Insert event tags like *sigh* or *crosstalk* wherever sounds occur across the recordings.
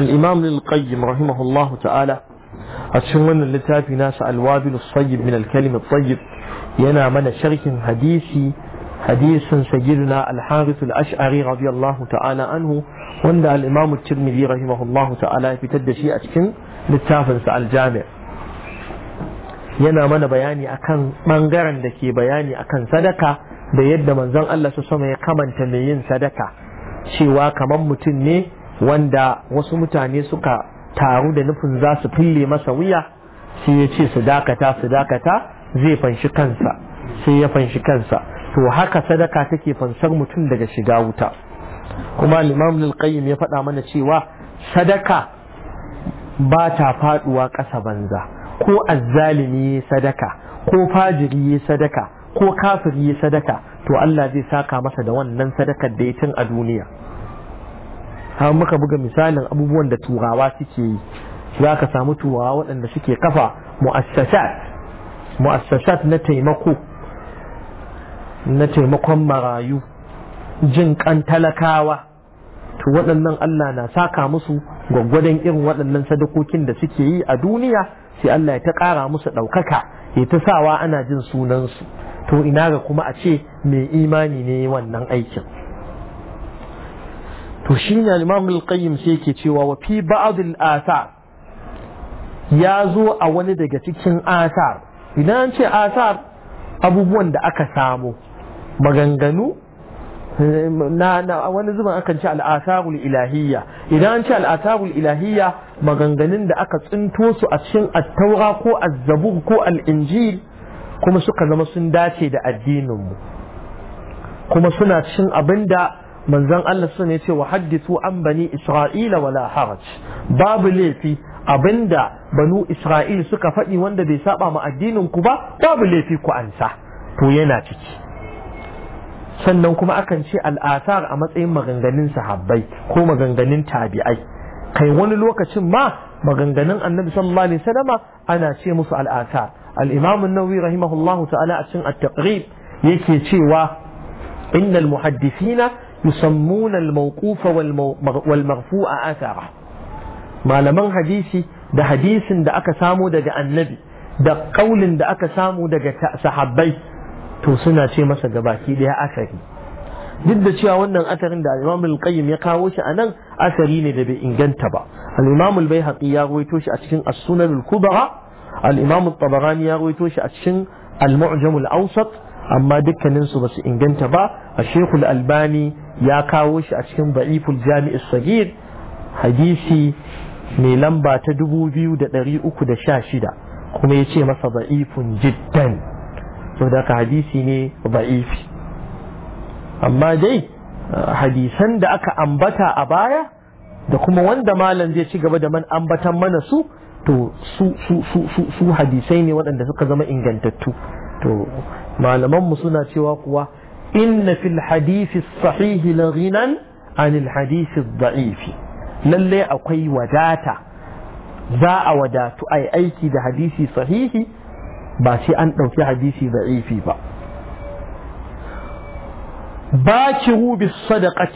الإمام للقيم رحمه الله تعالى أتشون اللتاف ناس الوابل الصيب من الكلم الطيب ينا من شرك حديثي حديث سيدنا الحارث الأشعري رضي الله تعالى عنه وند الإمام الترمذي رحمه الله تعالى في تدشي أتشن لتاف الجامع yana mana bayani akan bangaren da ke bayani akan sadaka da yadda manzon Allah su sama ya kamanta mai yin sadaka cewa kamar mutum ne wanda wasu mutane suka taru da nufin za su fille masa wuya sai ya ce su dakata su dakata zai fanshi kansa sai ya fanshi kansa to haka sadaka take fansar mutum daga shiga wuta kuma limam lulƙayyim ya faɗa mana cewa sadaka ba ta faɗuwa ƙasa banza ko azzalimi ya sadaka ko fajiri ya sadaka ko kafiri ya sadaka to Allah zai saka masa da wannan sadakar da ya cin a duniya har muka buga misalin abubuwan da turawa suke yi za ka samu turawa waɗanda suke kafa mu'assasat mu'assasat na taimako na taimakon marayu jin kan talakawa to waɗannan Allah na saka musu gwaggwadon irin waɗannan sadakokin da suke yi a duniya sai Allah ya ta ƙara musu ɗaukaka ya ta sawa ana jin sunansu to ina ga kuma a ce mai imani ne wannan aikin to shi ne imam qayyim sai yake cewa wa fi ba'dil athar ya zo a wani daga cikin asar idan an ce asar abubuwan da aka samu maganganu na na wani zuban akan ce al'asarul ilahiyya idan an ce al'asarul ilahiyya maganganun da aka tsinto su a cikin attaura ko zabur ko al al-injil kuma suka zama sun dace da addinin mu kuma suna cikin abinda manzon Allah sun ce wa haddisu an bani isra'ila wala haraj babu laifi abinda banu isra'il suka faɗi wanda bai saba ma addinin ku ba babu laifi ku ansa to yana ciki sannan kuma akan ce al'asar a matsayin maganganun sahabbai ko maganganun tabi'ai kai wani lokacin ma maganganun annabi sallallahu alaihi wasallama ana ce musu al'asar al-imam an-nawawi rahimahullahu ta'ala a cikin at-taqrib yake cewa innal muhaddisina يسمون الموقوف والمرفوع آثارا ما لمن حديثي ده حديث ده أكا سامو ده نبي ده قول ده أكا سامو ده صحابي توسنا شيء ما سجباكي ده آخري جد شيء وانا آخري ده الإمام القيم يكاوش أنا آخري ده بإنجان تبع الإمام البيهقي يروي توش أشين السنة الكبرى الإمام الطبراني يروي توش أشين المعجم الأوسط أما دكا ننسو بس إنجان تبع الشيخ الألباني ya kawo shi a cikin ba'iful jami'is sagir hadisi mai lamba ta 2316 kuma ya ce masa ba'ifun jiddan da ka hadisi ne ba'ifi amma dai hadisan da aka ambata a baya da kuma wanda malam zai ci gaba da man ambatan mana su to su su su su su hadisai ne waɗanda suka zama ingantattu to malamanmu suna cewa kuwa إن في الحديث الصحيح لغنى عن الحديث الضعيف للي أقوي وداتا ذا ودات أي أيكي ده حديث صحيح باشي أن في حديث ضعيف با باكروا بالصدقة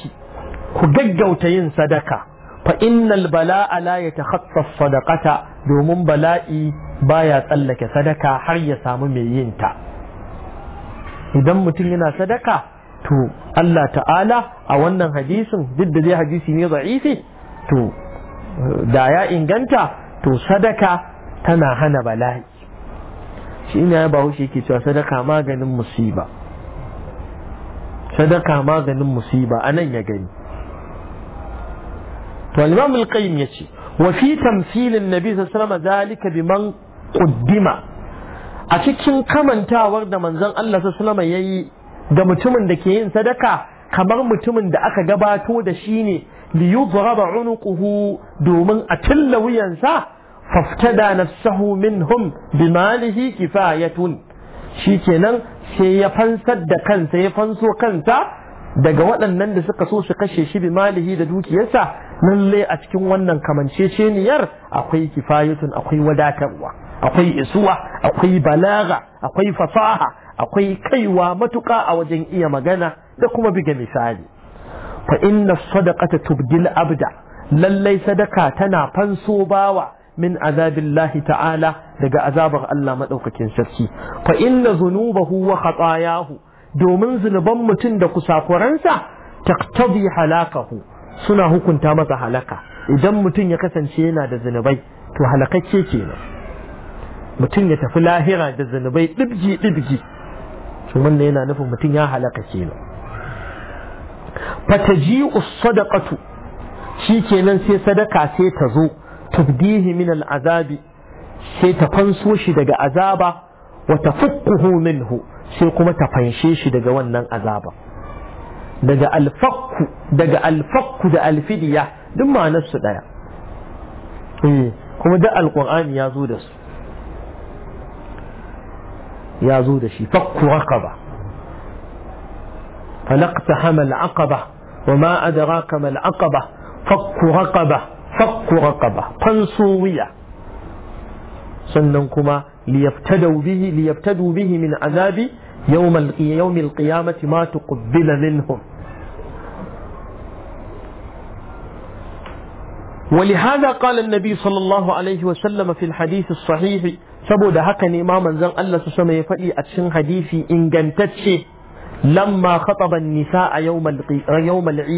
كجو تين صدقة فإن البلاء لا يتخطى الصدقة دوم بلائي بايا تلك صدقة حرية سامي ينتا idan mutum yana sadaka to Allah ta'ala a wannan hadisin duk da zai hadisi ne za'ifi to da ya inganta to sadaka tana hana bala'i shi ina ba hushe yake cewa sadaka maganin musiba sadaka maganin musiba anan ya gani to al-imam al-qayyim yace wa fi tamthil an-nabi sallallahu alaihi wasallam zalika biman a cikin kamantawar da manzon Allah sallallahu alaihi yayi da mutumin da ke yin sadaka kamar mutumin da aka gabato da shi ne li yudraba unuquhu domin a tilla wuyansa faftada nafsahu minhum bimalihi kifayatun shi kenan sai ya fansar da kansa ya fanso kansa daga waɗannan da suka so su kashe shi bi malihi da dukiyarsa lallai a cikin wannan kamanceceniyar akwai kifayatun akwai wadatarwa akwai isuwa akwai balaga akwai fasaha akwai kaiwa matuƙa a wajen iya magana da kuma biga misali fa inna sadaqata tubdil abda lallai sadaka tana fanso bawa min azabillahi ta'ala daga azabar Allah madaukakin sarki fa inna zunubahu wa khatayahu domin zunuban mutum da kusakuransa taqtadi halakahu suna hukunta masa halaka idan mutum ya kasance yana da zunubai to halakacce kenan mutum ya tafi lahira da zanubai ɗibji-ɗibji to wannan yana nufin mutum ya halaka kenan fataji sadaqatu shi kenan sai sadaka sai ta zo tubdihi min al'azabi sai ta fanso shi daga azaba wa tafukkuhu minhu sai kuma ta fanshe shi daga wannan azaba daga alfakku daga alfakku da alfidiya duk ma'anar su daya eh, kuma da alqur'ani ya zo da su يا زود شي فك رقبة فلقتحم العقبة وما أدراك ما العقبة فك رقبة فك رقبة قنصوية سننكما ليفتدوا به ليفتدوا به من عذاب يوم يوم القيامة ما تقبل منهم ولهذا قال النبي صلى الله عليه وسلم في الحديث الصحيح saboda haka ne ma manzon Allah su sama ya faɗi a cikin hadisi ingantacce lamma khataba nisa a yawmal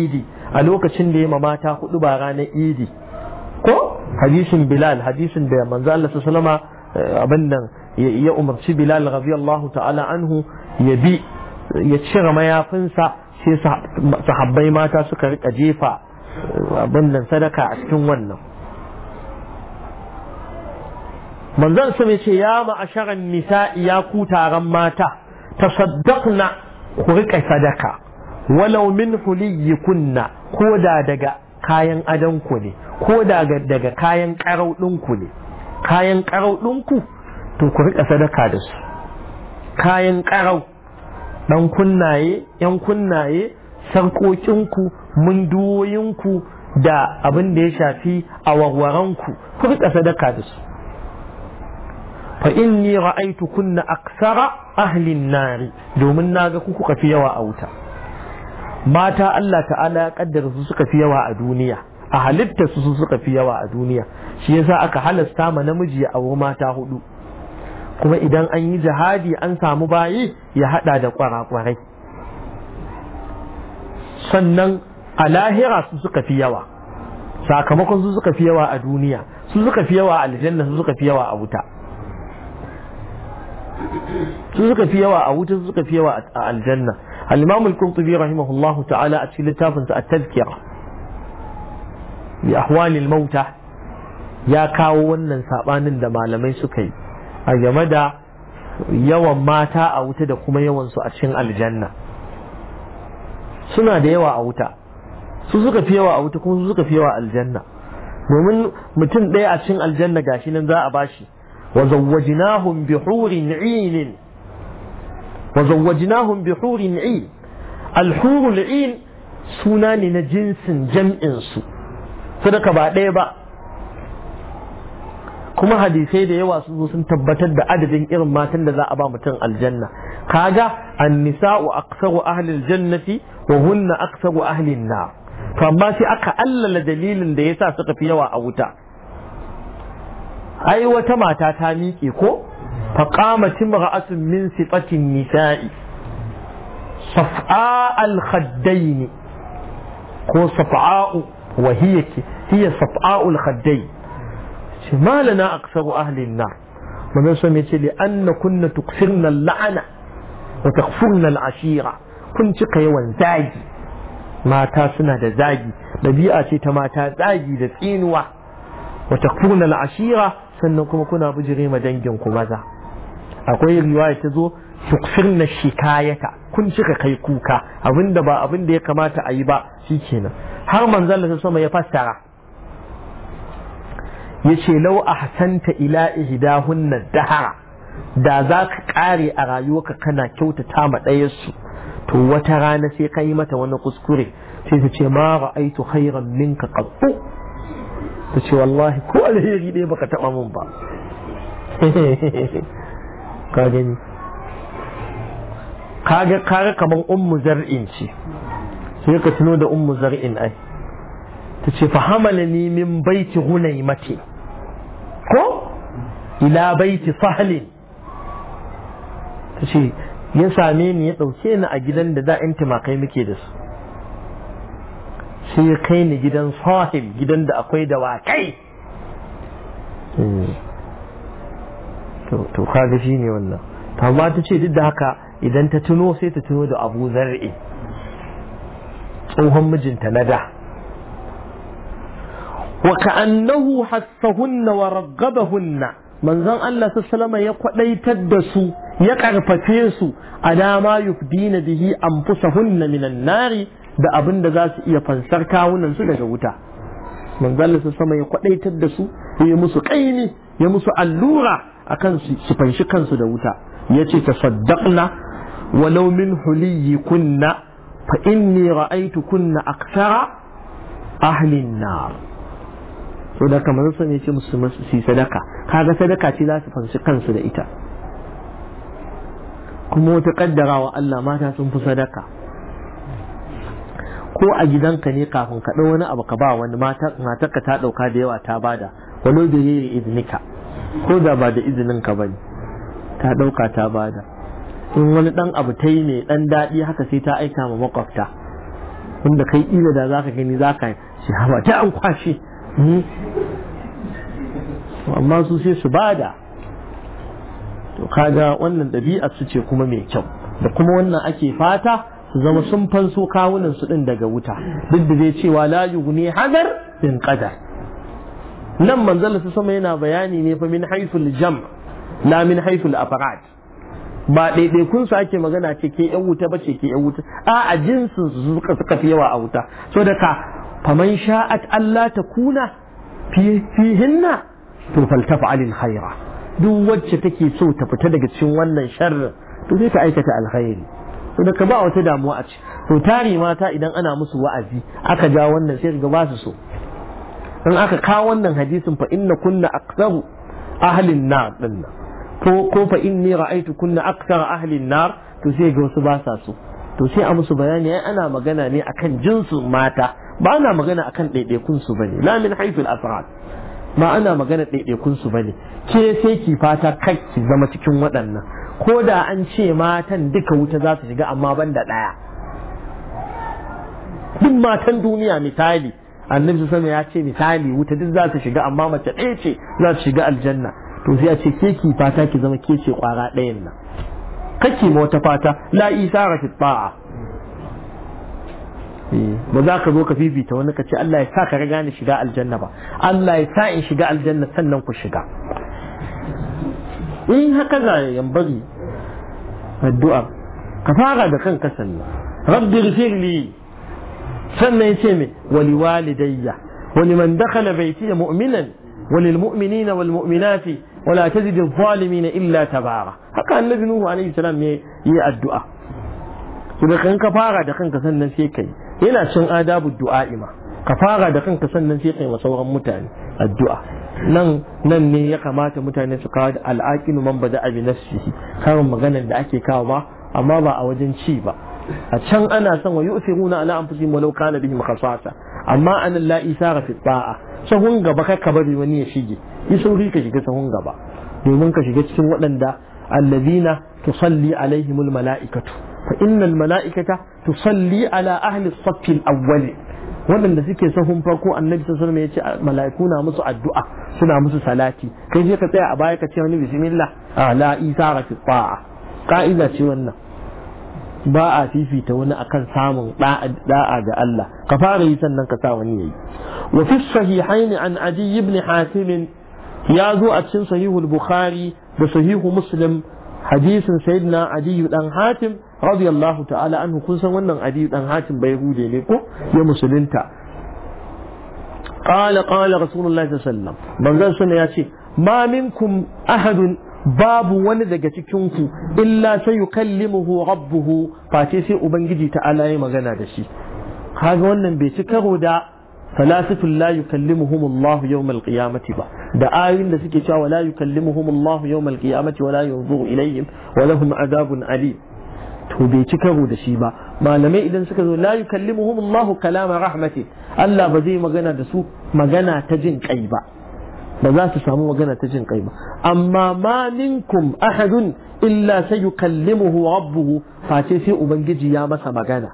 idi a lokacin da ya mata hudu ba ranar idi ko hadisin bilal hadisin da manzon Allah su sallama eh, abin ya umarci bilal radiyallahu ta'ala anhu ya bi ya cire mayafinsa sai sahabbai mata suka rika jefa eh, abin sadaka a cikin wannan manzon sa ce ya ma'asharan nisa'i ya ku taron mata Ta saddakna ku riƙa sadaka walau min kunna ko da daga kayan adanku ne ko da daga kayan ƙarau ɗinku ne kayan ƙarau ɗinku to ku riƙa sadaka da su kayan ƙarau ɗan kunnaye yan kunnaye sarƙoƙinku munduwoyinku da abin da ya shafi warwarenku. ku riƙa sadaka da su fa inni ra'aytu kunna aksara ahlin nari domin naga ku kuka fi yawa a wuta mata Allah ta'ala ya kaddara su suka fi yawa a duniya a halitta su suka fi yawa a duniya shi yasa aka halasta ma namiji ya auri mata hudu kuma idan an yi jihadi an samu bayi ya hada da kwarakwarai sannan a lahira su suka fi yawa sakamakon su suka fi yawa a duniya su suka fi yawa a aljanna su suka fi yawa a wuta su suka fi yawa a wuta su suka fi yawa a aljanna al-imam al-qurtubi rahimahullahu ta'ala a cikin littafin sa at-tazkira bi ahwali mauta ya kawo wannan sabanin da malamai suka yi a game da yawan mata a wuta da kuma yawan su a cikin aljanna suna da yawa a wuta su suka fi yawa a wuta kuma su suka fi yawa aljanna domin mutum ɗaya a cikin aljanna gashi nan za a bashi وزوجناهم بحور عين وزوجناهم بحور عين الحور العين سنان جنس جمع سو صدق بعد ايه كما حديثي دي واسوس سن تبتد دا عدد ارماتن دا ابا متن الجنة كاجا النساء اقصر اهل الجنة وهن اقصر اهل النار فما سي اقا الا لدليل دي ساسق في ai wata mata ta miƙe ko fa فقامت min sifatin nisa'i safa al-khaddain ko safa'u wa hiya hiya safa'u al-khaddain shi malana aksaru ahli an nar manzo so me ce li'anna anna kunna tuksirna la'ana wa takfurna al-ashira kun cika yawan zagi mata suna da zagi dabi'a ce ta mata zagi da tsinuwa wa takfurna al-ashira sannan kuma kuna bijire ma dangin ku maza akwai riwaya ta zo tukfirna shikayata kun cika kai kuka abinda ba abinda ya kamata a yi ba kenan har manzon Allah sama ya fassara yace law ahsanta ila ihdahunna dahara da za ka kare a rayuwarka kana kyautata ma ɗayar to wata rana sai ka yi mata wani kuskure sai ta ce ma ra'aitu khairan minka qattu ta ce wallahi ko alheri ne baka taɓa mun ba *laughs* ka gani kaga kaga kaman ummu zar'in ce sai ka tuno da ummu zar'in ai ta ce fa ni min baiti hunaymati ko ila baiti sahlin ta ce ya same ni ya ɗauke ni a gidan da da'in timakai muke da su sai ya kai ni gidan sahil gidan da akwai dawakai hmm. to kaga shi ne wannan amma ta ce duk da haka idan ta tuno sai ta tuno da abu zar'i tsohon mijinta na da wa ka'annahu hassahunna wa raggabahunna manzon Allah sallama ya kwadaitar da su ya karfafe su a dama yufdina bihi anfusahunna minan nari da abin da za su iya fansar kawunan su daga wuta manzalla su sama ya kwadaitar da su ya musu kaini ya musu allura akan su fanshi kansu da wuta yace tasaddaqna walau min kunna. fa inni ra'aytukunna kunna aksara an-nar so da kamar sun yace musu su sadaka kaga sadaka ce za su fanshi kansu da ita kuma wata kaddarawa Allah mata sun fi sadaka ko a gidanka ne kafin ka ɗau wani abu ka ba wani matarka ta ɗauka da yawa ta bada wani da yi yayi iznika ko da ba da izinin ka bane ta ɗauka ta bada in wani ɗan abu ta yi mai ɗan daɗi haka sai ta aika ma makwabta wanda kai ila da za ka gani za ka shi haba ta an kwashe hmm? amma su sai su bada to kaga wannan ɗabi'a su ce kuma mai kyau da kuma wannan ake fata zama sun fanso kawunan su ɗin daga wuta duk da zai cewa la yughni hadar bin nan Manzala su sama yana bayani ne fa min haythul jam' na min haythul afrad ba ɗaiɗaikun su ake magana ce ke yan wuta ba ce ke yan wuta a a jinsin su suka fi yawa a wuta so da ka faman sha'at Allah ta kuna fihinna to faltafa alin khaira duk wacce take so ta fita daga cikin wannan sharrin to zai ta aikata alkhairi to da ka ba wata damuwa a ce. to tari mata idan ana musu wa'azi aka ja wannan sai ga ba so in aka kawo wannan hadisin fa inna kunna aktsaru ahlin nar din ko ko fa inni ra'aytu kunna aktsara ahlin nar to sai ga wasu ba so to sai a musu bayani ai ana magana ne akan jinsin mata ba ana magana akan ɗaiɗaikun su bane la min haythul afrad ba ana magana ɗaiɗaikun su bane ke sai ki fata kai ki zama cikin waɗannan ko da an ce matan duka wuta za su shiga amma ban da ɗaya duk matan duniya misali annabi sama ya ce misali wuta duk za su shiga amma mace ɗaya ce za su shiga aljanna to sai ya ce ke ki fata ki zama ke ce ƙwara ɗayan nan kake ma wata fata la isa ba'a eh, ba za ka zo ka bita wani ka ce Allah ya sa ka riga ni shiga aljanna ba Allah ya sa in shiga aljanna sannan ku shiga إيه هكذا ينبغي الدعاء كفارة ده كان كسل رب اغفر لي سنة يسمي ولوالدي ولمن دخل بيتي مؤمنا وللمؤمنين والمؤمنات ولا تزد الظالمين إلا تبارا هكا النبي نوح عليه السلام يي الدعاء إذا كان كفارة ده كان كسل نسيكي هنا cin آداب الدعاء ما كفاغا fara da kanka sannan sai kai nan nan ne ya kamata mutane su kawo al'aqinu man da abi nafsi karin maganar da ake kawo ba amma ba a wajen ci ba a can ana son wa yu'thiruna ala anfusihim walau kana bihim khasasa amma a la isara fi ta'a sahun gaba ka bari wani ya shige yi sauri ka shiga sahun gaba domin ka shiga cikin waɗanda allazina tusalli alaihimul mala'ikatu fa innal mala'ikata tusalli ala ahli as-saff waɗanda suke sahun farko annabi sun alaihi ya ce mala'iku na musu addu'a suna musu salati kai je ka tsaya a baya ka ce wani bismillah a la isa fi ta'a ka'ida ce wannan ba a fifita wani akan samun da'a ga Allah ka fara yi sannan ka sa wani yayi wa fi sahihain an adi ibn hatim ya zo a cikin sahihul bukhari da sahihu muslim hadisin sayyidina adi dan hatim radiyallahu ta'ala anhu kun san wannan abi dan hatim bai hude ne ko ya musulunta qala qala rasulullahi sallallahu alaihi wasallam sunna ya ce ma minkum ahadun babu wani daga cikinku illa sai yukallimuhu rabbuhu face sai ubangiji ta'ala ya magana da shi kaga wannan bai ci karo da falasifin la yukallimuhum Allah yawmal qiyamati ba da ayoyin da suke cewa la yukallimuhum Allah yawmal qiyamati wala yanzuru ilayhim wa lahum adabun alim to bai ci karo da shi ba malamai idan suka zo la yukallimuhum Allahu kalama rahmati Allah ba zai magana da su magana ta jin kai ba ba za su samu magana ta jin kai ba amma ma minkum ahadun illa sayukallimuhu rabbuhu face sai ubangiji ya masa magana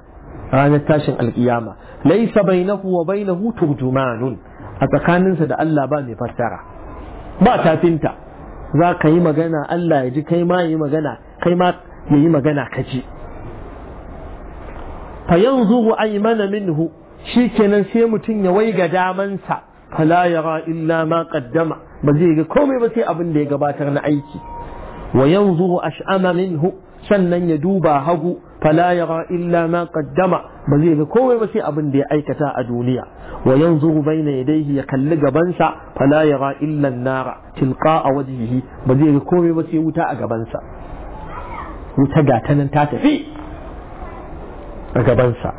ranar tashin alkiyama laisa bainahu wa bainahu turjumanun a tsakaninsa da Allah ba mai fassara ba tafinta za ka yi magana Allah ya ji kai ma yi magana kai ma yayi magana kaji fa yanzu yanzuru aymana minhu kenan sai mutum ya wai waiga damansa fala yara illa ma qaddama ba zai ga komai ba sai abin da ya gabatar na aiki wa yanzuru ash'ama minhu sannan ya duba hagu fala yara illa ma qaddama ba zai ga komai ba sai abin da ya aikata a duniya wa yanzuru baina yadayhi ya kalli gabansa fala yara illa an-nara tilqa wajhihi ba zai ga komai ba sai wuta a gabansa wuta ga ta nan ta tafi a gabansa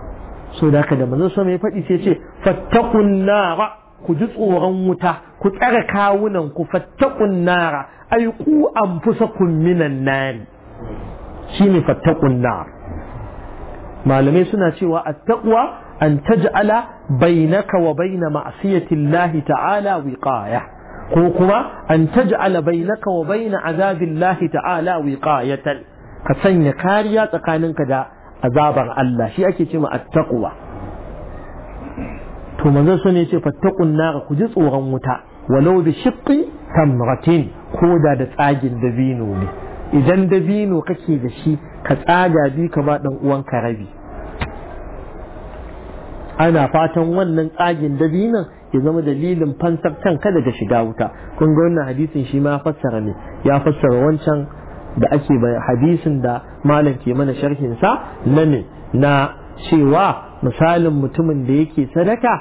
so da haka da manzon sama ya faɗi sai ce fattakun nara ku ji tsoron wuta ku tsare kawunan ku fattakun nara ai ku anfusakum minan nari shine fattakun nar malamai suna cewa attaqwa an taj'ala bainaka wa baina ma'siyati Allah ta'ala wiqaya ko kuma an taj'ala bainaka wa baina azabi Allah ta'ala wiqayatan ka sanya kariya tsakaninka da azabar Allah shi ake ce ma To to manzon ne yace fattaqun nar ku ji tsoron wuta walau bi shiqqi tamratin ko da da tsagin dabino ne idan dabino kake da shi ka tsaga bi ka ba dan uwan ka rabi ana fatan wannan tsagin dabinon ya zama dalilin fansar kanka daga shiga wuta kun ga wannan hadisin shi ma fassara ne ya fassara wancan da ake hadisin da malam ke mana sharhin sa na ne na cewa misalin mutumin da yake sadaka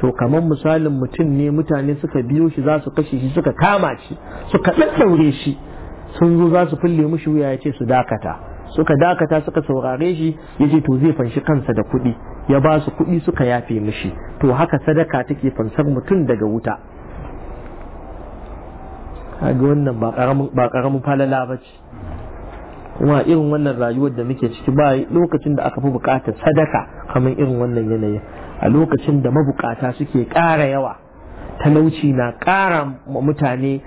to kamar misalin mutum ne mutane suka biyo shi za su kashe shi suka kama shi suka ɗaɗɗaure shi sun zo za su fille mushi wuya ya ce su dakata suka dakata suka saurare shi ya ce to zai fanshi kansa da kuɗi ya ba su kuɗi suka yafe mushi to haka sadaka take fansar mutum daga wuta kaga wannan ba karamin falala ba ce kuma irin wannan rayuwar da muke ciki ba lokacin da aka fi bukatar sadaka kamar irin wannan yanayi a lokacin da mabukata suke ƙara yawa talauci na ƙara mutane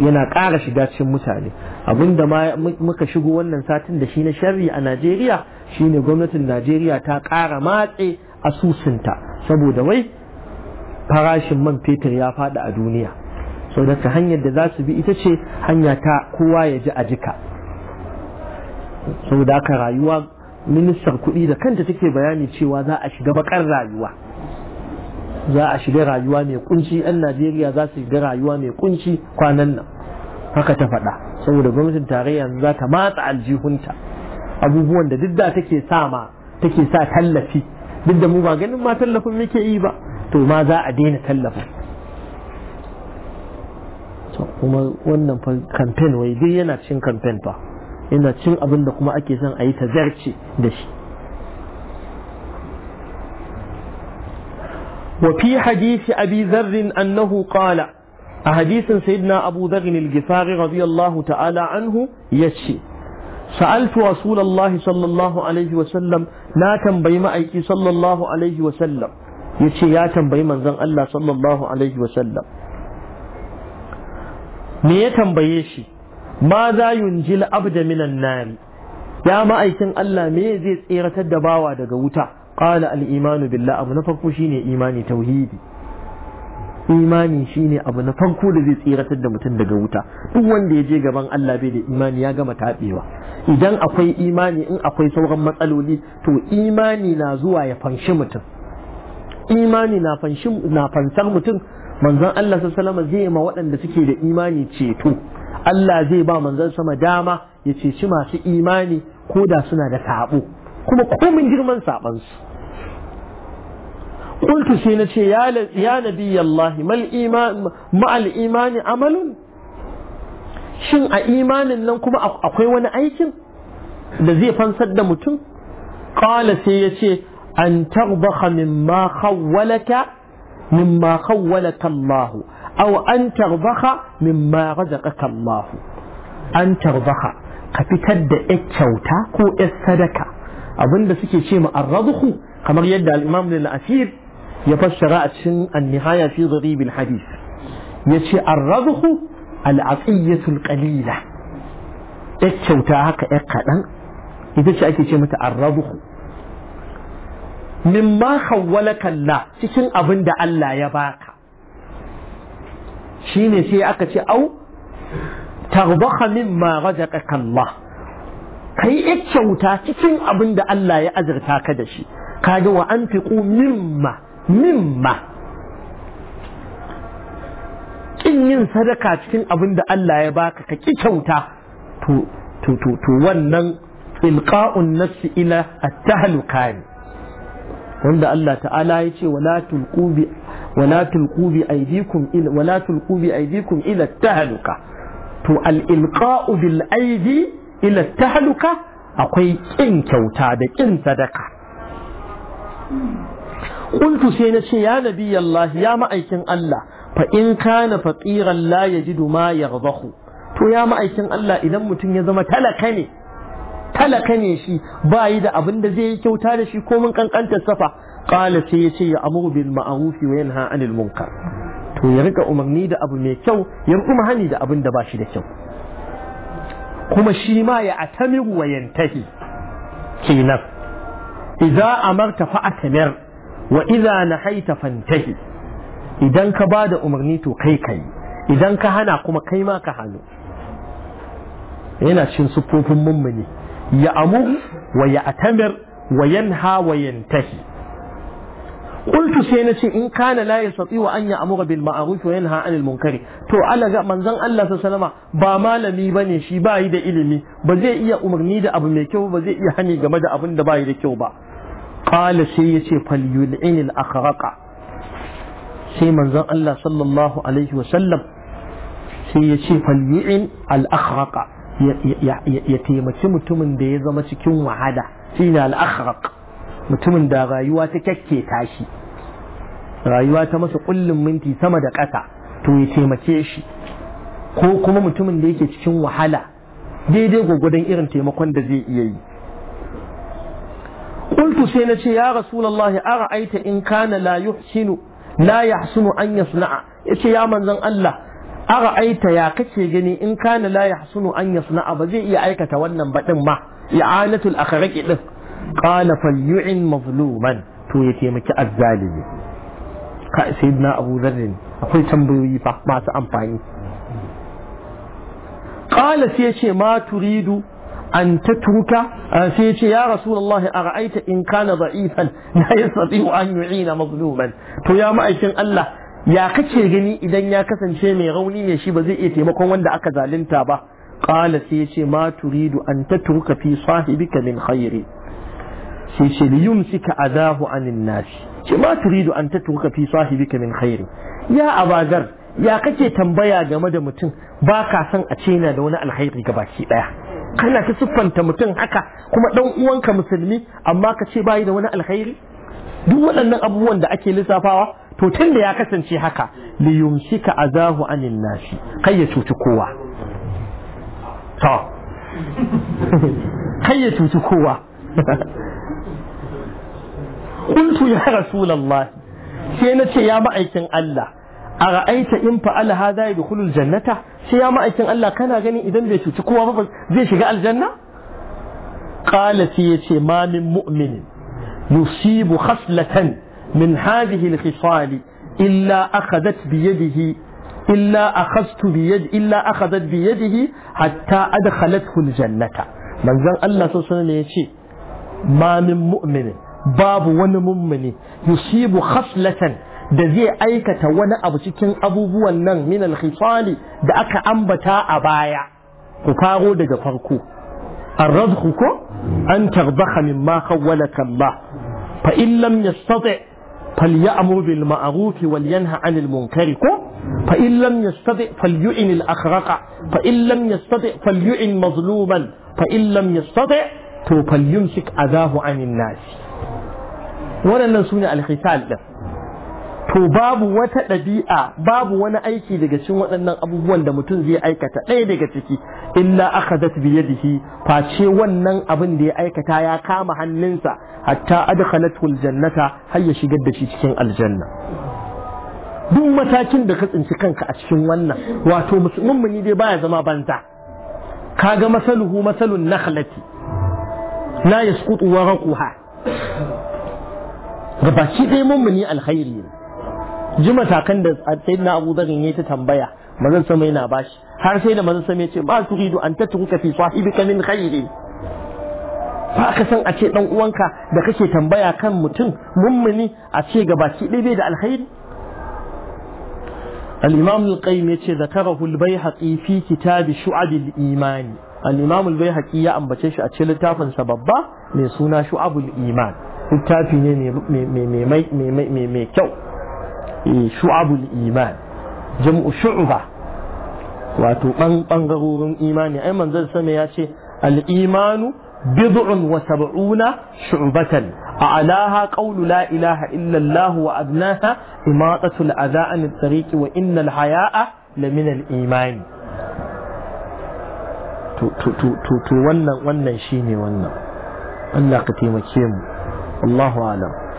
yana ƙara shiga cikin mutane abinda ma muka shigo wannan satin da shi na sharri a najeriya shine gwamnatin najeriya ta ƙara matse asusunta saboda wai farashin man fetur ya faɗi a duniya sau da hanyar da za su bi ita ce hanya ta kowa ya ji a jika sau da aka rayuwa ministar kuɗi da kanta take bayani cewa za a shiga bakar rayuwa za a shiga rayuwa mai kunci 'yan najeriya za su shiga rayuwa mai kunci kwanan nan haka ta faɗa saboda gwamnatin tarayya za ta matsa aljihunta abubuwan da duk da take sa ma take sa tallafi duk da mu ba ganin ma tallafin muke yi ba to ma za a daina tallafin kuma wannan campaign wai dai yana cin campaign fa yana cin abin da kuma ake son a yi tazarci da shi وفي حديث أبي ذر أنه قال أحاديث سيدنا أبو ذر الجفاري رضي الله تعالى عنه يشي سألت رسول الله صلى الله عليه وسلم لا تنبي أيكي صلى الله عليه وسلم يشي يا تنبي من ذن الله صلى الله عليه وسلم me ya tambaye shi ma za yunjil abda minan nari ya ma'aikin Allah me zai tseratar da bawa daga wuta qala al imanu billah abu na farko shine imani tauhidi imani shine abu na farko da zai tseratar da mutum daga wuta duk wanda ya je gaban Allah bai da imani ya gama tabewa idan akwai imani in akwai sauran matsaloli to imani na zuwa ya fanshi mutum imani na fansar mutum manzon Allah sallallahu alaihi zai ma waɗanda suke da imani ceto Allah zai ba manzon sama dama ya ceci masu imani ko da suna da sabo kuma komin girman saban su qultu sai na ce ya nabi Allah mal iman ma'al imani amalun shin a imanin nan kuma akwai wani aikin da zai fansar da mutum qala sai yace an tarbakha mimma khawwalaka مما خولك الله أو أن ترضخ مما رزقك الله أن ترضخ كفتد إتشوتا كو إسدك أظن بسكي شيء ما الرضخ كما يدى الإمام للأسير يفسر أتشن النهاية في ضريب الحديث يشي الرضخ العطية القليلة إتشوتا هكا إقا إذا شأتي شيء متى الرضخ mimma hawwala kalla cikin abin da Allah ya baka shine sai aka ce au tarbakha mimma razaqaka Allah kai ita wuta cikin abin da Allah ya azurta ka da shi kaga wa anfiqu mimma mimma kin yin sadaka cikin abin da Allah ya baka ka ki kyauta to to to wannan ilqa'un nafsi ila at-tahluka wanda Allah ta'ala ya ce wala tulqu bi wala tulqu bi aydikum ila wala tulqu bi aydikum ila tahluka to al ilqa'u bil aidi ila tahluka akwai kin kyauta da kin sadaka qultu sai na ce ya nabi Allah ya ma'aikin Allah fa in kana faqiran la yajidu ma yaghdahu to ya ma'aikin Allah idan mutum ya zama talaka ne talaka ne shi ba yi da abin da zai yi kyauta da shi ko mun kankanta safa qala sai yace ya amuru bil ma'ruf wa yanha anil munkar to ya rika umarni da abu mai kyau ya kuma hani da abin da ba shi da kyau kuma shi ma ya atamiru wa yantahi kenan idza amarta fa atamir wa idza nahaita fantahi idan ka ba da umarni to kai kai idan ka hana kuma kai ma ka hannu yana cin siffofin mummuni ya amuru wa ya atamir wa yanha wa yantahi qultu sai nace in kana la yastati wa an ya'muru bil ma'ruf wa yanha 'anil munkari to alaga manzan Allah sallallahu ba malami bane shi ba yi da ilimi ba zai iya umarni da abu mai kyau ba zai iya hani game da abin da ba yi da kyau ba qala sai yace falyul'inil akhraqa sai manzon Allah sallallahu alaihi wa sallam sai yace falyul'in al akhraqa ya taimaki mutumin da ya zama cikin wahada shi al-akhraq mutumin da rayuwa ta kyakke tashi rayuwa ta masa kullum minti sama da ƙasa to ya taimake shi ko kuma mutumin da yake cikin wahala daidai gwagwadon irin taimakon da zai iya yi qultu sai na ce ya a ra'aita in kana la yuhsinu la yahsinu an yasna'a yace ya manzon Allah ara'aita ya kace gani in kana la yahsunu an yasna'a ba zai iya aikata wannan baɗin ma i'anatul akhraqi din qala falyu'in mazluman to ya taimaki azzalimi ka sayyidina abu zarrin akwai tambayoyi fa masu amfani qala sai ya ma turidu an tatruka sai ya ce ya rasulullahi ra'aita in kana da'ifan la yastati'u an yu'ina mazluman to ya ma'aikin Allah ya kace gani idan ya kasance mai rauni ne shi ba zai iya taimakon wanda aka zalunta ba qala sai ya ce ma turidu an tatruka fi sahibika min khairi sai ce li yumsika adahu anin nas ce ma turidu an tatruka fi sahibika min khairi ya abadar ya kake tambaya game da mutum ba ka san a ce yana da wani alkhairi gabaki daya kana ta siffanta mutum haka kuma dan uwanka musulmi amma ka ce bayi da wani alkhairi duk waɗannan abubuwan da ake lissafawa to tun da ya kasance haka li yumsika azahu anin nasi kai ya cuci kowa to *laughs* kai ya cuci kowa kuntu *laughs* ya rasulullah sai na ce ya ma'aikin Allah a ra'aita in fa'ala hadha yadkhulul jannata sai ya ma'aikin Allah kana ganin idan bai cuci kowa ba zai shiga aljanna qala sai yace ma min mu'min yusibu khaslatan من هذه الخصال إلا أخذت بيده إلا أخذت بيد إلا أخذت بيده حتى أدخلته الجنة من زن الله صلى الله عليه وسلم ما من مؤمن باب ون مؤمن يصيب خصلة da zai aikata wani abu cikin abubuwan nan min alkhisali da aka ambata a baya ku faro daga farko arrazku ko an tarbaha mimma khawwalaka Allah fa in lam yastati فليأمر بالمعروف ولينهى عن المنكر فإن لم يستطع فليعن الأخرق فإن لم يستطع فليعن مظلوما فإن لم يستطع فليمسك أذاه عن الناس ولن ننسون الخصال to babu wata ɗabi'a babu wani aiki daga cikin waɗannan abubuwan da mutum zai aikata ɗaya daga ciki illa akhadhat bi yadihi face wannan abin da ya aikata ya kama hannunsa hatta adkhalathu aljannata har ya shigar da shi cikin aljanna duk matakin da ka tsinci kanka a cikin wannan wato musulmin mu ne dai baya zama banza kaga masaluhu masalun nakhlati la yasqutu warquha gabaki ɗaya mummuni alkhairi ne ji matakan da sayyidina Abu Dharr yayi ta tambaya manzon sama yana bashi har sai da manzon sama yace ba turidu an tatruka fi sahibika min khairin Ba ka san a ce dan uwanka da kake tambaya kan mutum mummuni a ce gaba baki dai da alkhairi الإمام القيم ذكره البيهقي في كتاب شعب الإيمان الإمام البيهقي يا أم بتشي أتشيل تافن سببا من سونا شعب الإيمان التافين مي مي مي مي مي مي مي مي شعب الإيمان جمع شعبة واتو بان إيمان أي من ذل الإيمان بضع وسبعون شعبة أعلاها قول لا إله إلا الله وأدناها إماطة الأذى عن الطريق وإن الحياء لمن الإيمان تو تو تو تو ون ون شيني ون الله أعلم